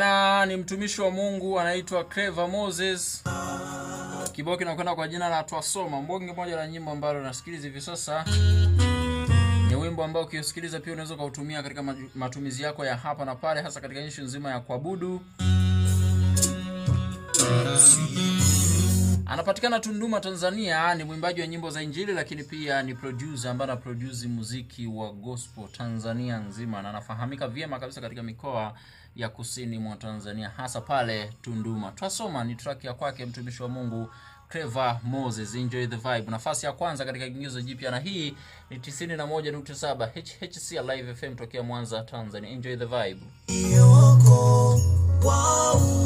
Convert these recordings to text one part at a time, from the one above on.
Bana ni mtumishi wa Mungu anaitwa Clever Moses. Kibao kinakwenda kwa jina la Twasoma. Mbonge moja la nyimbo ambalo nasikiliza hivi sasa. Ni wimbo ambao ukisikiliza pia unaweza ukautumia katika matumizi yako ya hapa na pale, hasa katika nchi nzima ya kuabudu. Anapatikana Tunduma, Tanzania. Ni mwimbaji wa nyimbo za Injili, lakini pia ni producer ambaye anaproduce muziki wa gospel Tanzania nzima, na anafahamika vyema kabisa katika mikoa ya kusini mwa Tanzania, hasa pale Tunduma. Twasoma ni track ya kwake mtumishi wa Mungu Clever Moses, enjoy the vibe. Nafasi ya kwanza katika gizo jipya, na hii ni 91.7 HHC Live FM tokea Mwanza, Tanzania. Enjoy the vibe. Yoko, wow.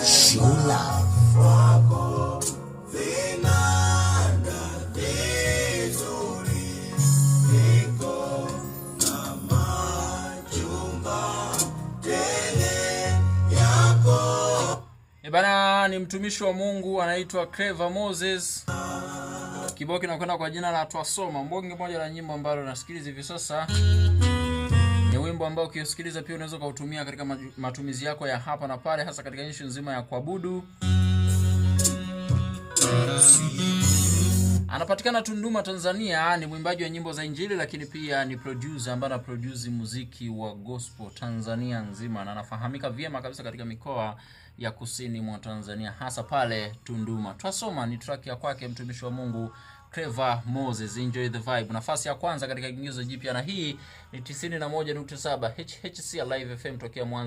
show eh love. Bana ni mtumishi wa Mungu anaitwa Clever Moses. Kibao kinakwenda kwa jina la Twasoma, mbonge moja la nyimbo ambalo nasikiliza hivi sasa wimbo ambao ukiusikiliza pia unaweza ukautumia katika matumizi yako ya hapa na pale, hasa katika nchi nzima ya kuabudu. Anapatikana Tunduma, Tanzania. Ni mwimbaji wa nyimbo za Injili, lakini pia ni producer ambaye anaproduce muziki wa gospel Tanzania nzima, na anafahamika vyema kabisa katika mikoa ya kusini mwa Tanzania, hasa pale Tunduma. Twasoma ni track ya kwake, mtumishi wa Mungu Trevor Moses, enjoy the vibe. Nafasi ya kwanza katika kiingizo jipya, na hii ni 91.7 HHC Live FM tokea Mwanza.